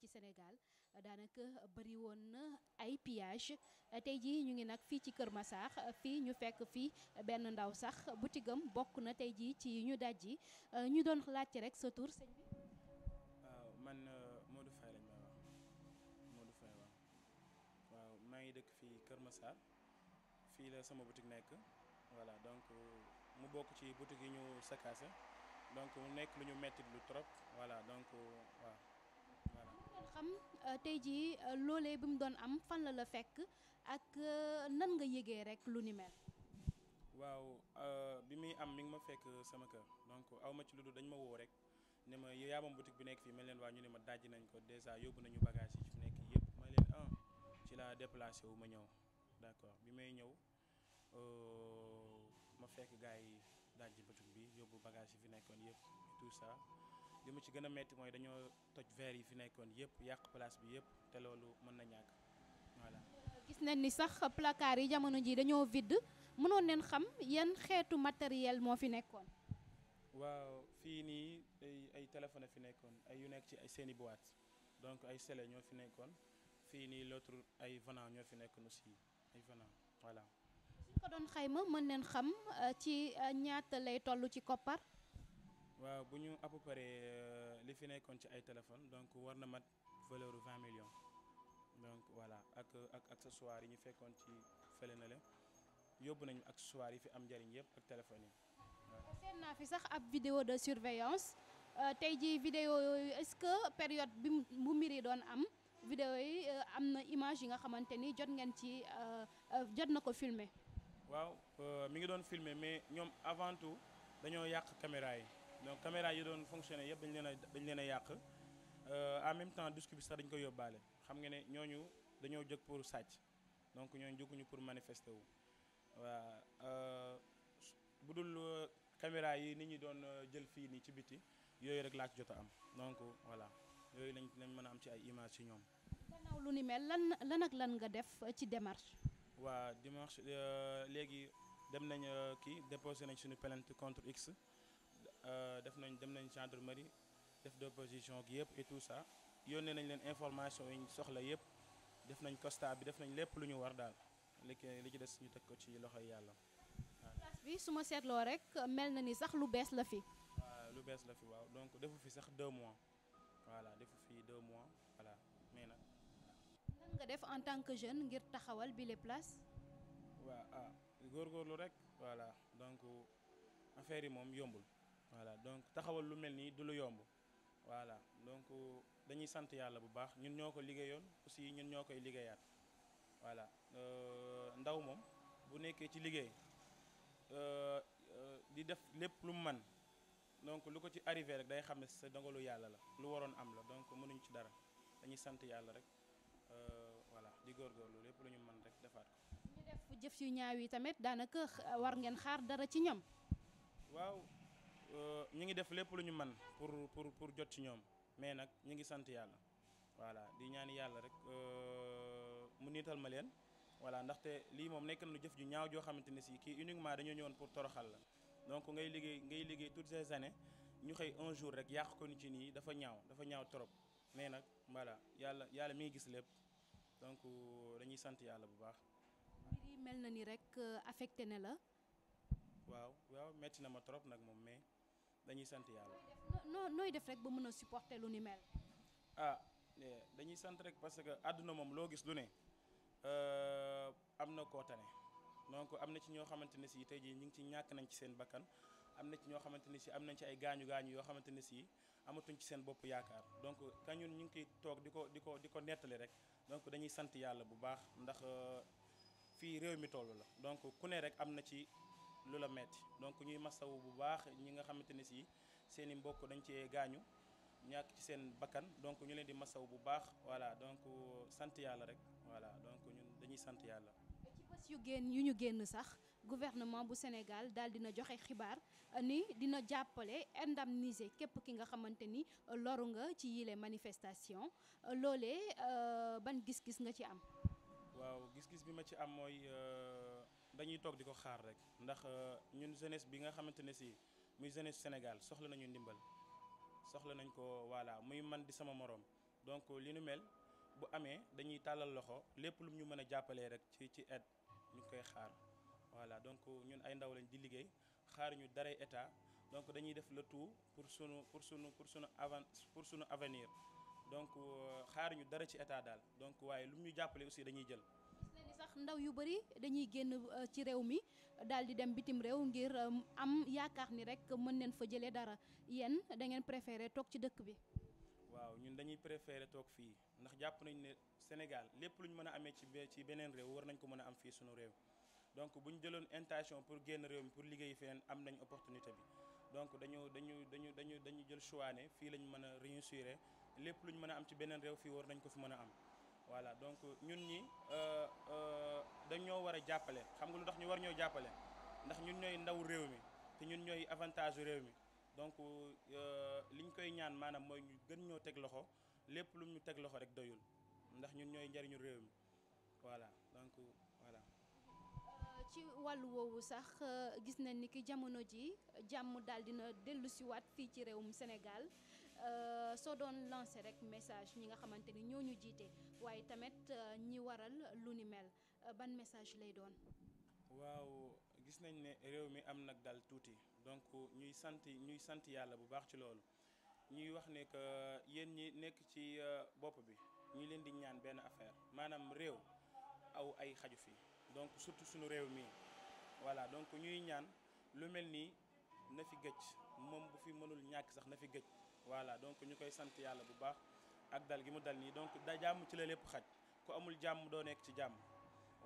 ci Sénégal daanaka bari woon na ay pillage tey jii ñu ngi nag fii ci Kër Massar fii ñu fekk fii benn ndaw sax butigam bokk na tey jii ci ñu daj dajji ñu doon laajte rek sa tur señ bi. waaw man euh, Modou Faye lañ maa waaw maa ngi dëkk fii Kër Massar fii la sama boutique nekk voilà donc mu bokk ci boutique yi ñu sakaase donc nekk lu ñu mettit lu trop voilà donc euh, waaw. bëggoon xam euh, tey jii euh, loolee bi mu doon am fan la la fekk ak euh, nan nga yëgee rek lu ni mel. waaw bi muy am mi ngi ma fekk sama kër donc aw ma ci lu dul dañ ma woo rek ne ma yaa moom boutique bi nekk fii mel leen waa ñu ne ma dajji nañ ko dèjà yóbbu nañu bagage yi fi nekk yëpp ma leen ah ci la déplacé wu ma ñëw d'accord bi may ñëw ma fekk gars yi dajji boutique bi yóbbu bagage yi fi nekkoon yëpp tout ça. li mu ci gën a métti mooy dañoo toj verre yi fi nekkoon yëpp yàq place bi yëpp te loolu mën na ñàkk voilà. gis nañ ni sax placard yi jamono ji dañoo vidd mënoon neen xam yan xeetu matériel moo fi nekkoon. waaw fii nii ay téléphone fi nekkoon ay yu nekk ci ay seeni boite donc ay sele ñoo fi nekkoon fii nii l'autre ay venant ñoo fi nekkoon aussi ay venant voilà. suñ ko doon xayma mën neen xam euh, ci euh, ñaata lay toll ci koppar. waaw bu ñu à peu près li fi nekkoon ci ay téléphone donc war na mat valeur vingt millions donc voilà ak ak accessoires yi ñu fekkoon ci fële na la yóbbu nañu accessoires yi fi am njëriñ yëpp ak téléphone yi waaw. seen naa fi sax ab vidéo de surveillance euh, tey jii vidéo est-ce que période bi mu mbir yi doon am vidéo yi euh, am na image yi nga xamante ni jot ngeen ci euh, jot na ko filmer waaw mi ngi doon filmer mais ñoom avant tout dañoo yàq caméra yi. donc caméra yi doon fonctionné yëpp dañ leen a dañ leen a yàq euh, en même temps disque bi sax dañ ko yóbbaale xam nga ne ñooñu dañoo jóg pour sàcc donc ñooñu jóguñu pour manifester wu euh, bu dul euh, caméra yi nit ñi doon jël fii nii ci biti yooyu rek laa ci jot a am donc voilà yooyu lañ mën a am ci ay image ci ñoom. gannaaw lu ni mel lan lan ak lan nga def ci démarche. waa démarche léegi dem nañ kii déposé nañ suñu plainte contre X. Euh, def nañ dem nañ gendarmerie def de position yëpp et tout ça yónnee nañ leen information yi soxla yëpp def nañ constat bi def nañ lépp lu ñu war daal li ci des ñu teg ko ci loxo yàlla. place su ma seetloo rek mel na ni sax lu bees la fi. waaw lu bees la fi waaw donc defu fi sax deux mois voilà defu fi deux mois voilà mais nag. nan nga def en tant que jeune ngir taxawal bi les places. waaw ah góorgóorlu rek voilà donc affaire yi moom yombul. voilà donc taxawal lu mel nii du lu yomb voilà donc dañuy sant yàlla bu baax ñun ñoo ko liggéeyoon aussi ñun ñoo koy liggéeyaat voilà euh, ndaw moom bu nekkee ci liggéey euh, euh, di def lépp lum mu man donc lu ko ci arrivé rek day xam ne sa dogalu yàlla la lu waroon am la donc mënuñ ci dara dañuy sant yàlla rek voilà di góorgóorlu lépp lu ñu mën rek defaat ko. ñu def jëf yu ñaaw tamit daanaka war ngeen xaar dara ci ñoom. waaw. Euh, ñu ngi def lépp lu ñu man pour pour pour jot ci ñoom mais nag ñu ngi sant yàlla voilà di ñaan yàlla rek euh, mu niital ma leen voilà ndaxte lii moom nekk na lu jëf ju ñaaw joo xamante ne si kii uniquement dañoo ñëwoon pour toroxal la donc ngay liggéey ngay liggéey toutes ces années ñu xëy un jour rek yàq ko ni ci nii dafa ñaaw dafa ñaaw trop mais nag voilà yàlla yàlla mi ngi gis lépp donc euh, dañuy sant yàlla bu baax. mbir mel na ni rek affecté ne la. waaw waaw metti na ma trop nag moom mais. dañuy sant yàlla. noo nooy def rek ba mën a supporter lu ni mel. ah dañuy sant rek parce que àdduna moom loo gis lu ne euh, am na koo tane donc am na ci ñoo xamante ne si tey jii ñu ngi ci ñàkk nañ ci seen bakkan am na ci ñoo xamante ne si am nañ ci ay gaañu gaañu yoo xamante ne si amatuñ ci seen bopp yaakaar donc ka ñun ñu ngi koy toog di ko di ko di ko nettali rek donc dañuy sant yàlla bu baax ndax euh, fii réew mi toll la donc ku ne rek am na ci. lu la metti donc ñuy masawu bu baax ñi nga xamante ne si seen i mbokk dañ cee gaañu ñàkk ci seen bakkan donc ñu leen di masawu bu baax voilà donc euh, sant yàlla rek voilà donc ñun dañuy sant yàlla. ci yu ñu génn sax gouvernement bu Sénégal daal na joxe xibaar ni dina jàppale indemniser képp ki nga xamante ni euh, loru nga ci yile manifestation euh, loolee ban gis-gis nga ci am. waaw gis-gis bi ma ci am mooy. dañuy toog di ko xaar rek ndax euh, ñun jeunesse bi nga xamante ne si muy jeunesse Sénégal soxla nañu ndimbal soxla nañ ko voilà muy man di sama moroom donc li nu mel bu amee dañuy tàllal loxo lépp lu ñu mën a jàppalee rek ci ci aide ñu koy xaar voilà donc ñun ay ndaw lañ di liggéey xaar ñu daray état donc dañuy def le tout pour sunu pour sunu pour sunu avant pour sunu avenir donc euh, xaar ñu dara ci état daal donc waaye lu ñu jàppale aussi dañuy jël. ndaw yu bëri dañuy génn euh, ci réew mi daal di dem bitim réew ngir euh, am yaakaar ni rek mën neen fa jëlee dara yenn da ngeen préféré toog ci dëkk bi. waaw ñun dañuy préféré toog fii ndax jàpp nañu ne Sénégal lépp lu ñu mën a amee ci ci beneen réew war nañ ko mën a am fii suñu réew. donc bu ñu jëloon intention pour génn réew mi pour liggéey feneen am nañ opportunité bi donc dañu dañu dañu dañu dañu jël choix ne fii lañ mën a réussir lépp lu ñu mën a am ci beneen réew fii war nañ ko fi mën a am. voilà donc ñun ñi euh, euh, dañ ñoo war a jàppale xam nga lu ndox ñu war ñoo jàppale ndax ñun ñooy ndaw réew mi te ñun ñooy avantage réew mi donc euh, liñ koy ñaan maanaam mooy ñu gën ñoo teg loxo lépp lu ñu teg loxo rek doyul ndax ñun ñooy njariñu réew mi voilà donc voilà. ci wàllu woowu sax gis na ni ki jamono ji jàmm daal dina dellu siwaat fii ci réewum Sénégal. Euh, soo doon lancer rek message ñi nga xamante ni ñoo ñu jiite waaye tamit euh, ñi waral lu ni mel euh, ban message lay doon. waaw gis nañ ne réew mi am nag dal tuuti donc ñuy sant ñuy sant yàlla bu baax ci loolu ñuy wax ne que yéen ñi nekk ci bopp bi ñu leen di ñaan benn affaire maanaam réew aw ay xaju fi donc surtout suñu réew mi voilà donc ñuy ñaan lu mel nii na fi gëj moom bu fi mënul ñàkk sax na fi gëj voilà donc ñu koy sant yàlla bu baax ak dal gi mu dal nii donc da jàmm ci la lépp xaj ku amul jàmm doo nekk ci jàmm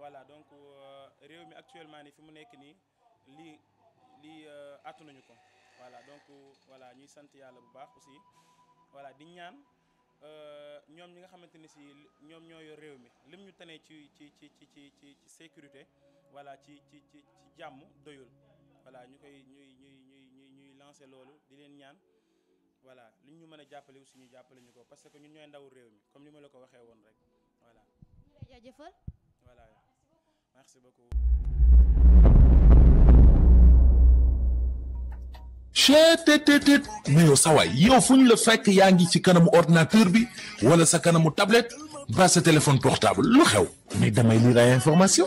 voilà donc euh, réew mi actuellement nii fi mu nekk nii lii lii euh, àttu nañu ko voilà donc voilà ñuy sant yàlla bu baax aussi voilà di ñaan euh, ñoom ñi nga xamante ni si ñoom ñoo yor réew mi lim ñu tane ci ci ci ci ci ci sécurité voilà ci ci ci ci jàmm doyul voilà ñu koy ñuy ñuy lancé loolu di leen ñaan voilà lu ñu mën a jàppale aussi ñu ñu ko parce que ñun ñooy ndaw réew mi comme li ma la ko waxee woon rek voilà. ñu lay voilà merci beaucoup. cheetetetet mais yow sawaay yow fu ñu la fekk yaa ngi ci kanamu ordinateur bi wala sa kanamu tablette ba sa téléphone portable lu xew mais damay lire ay information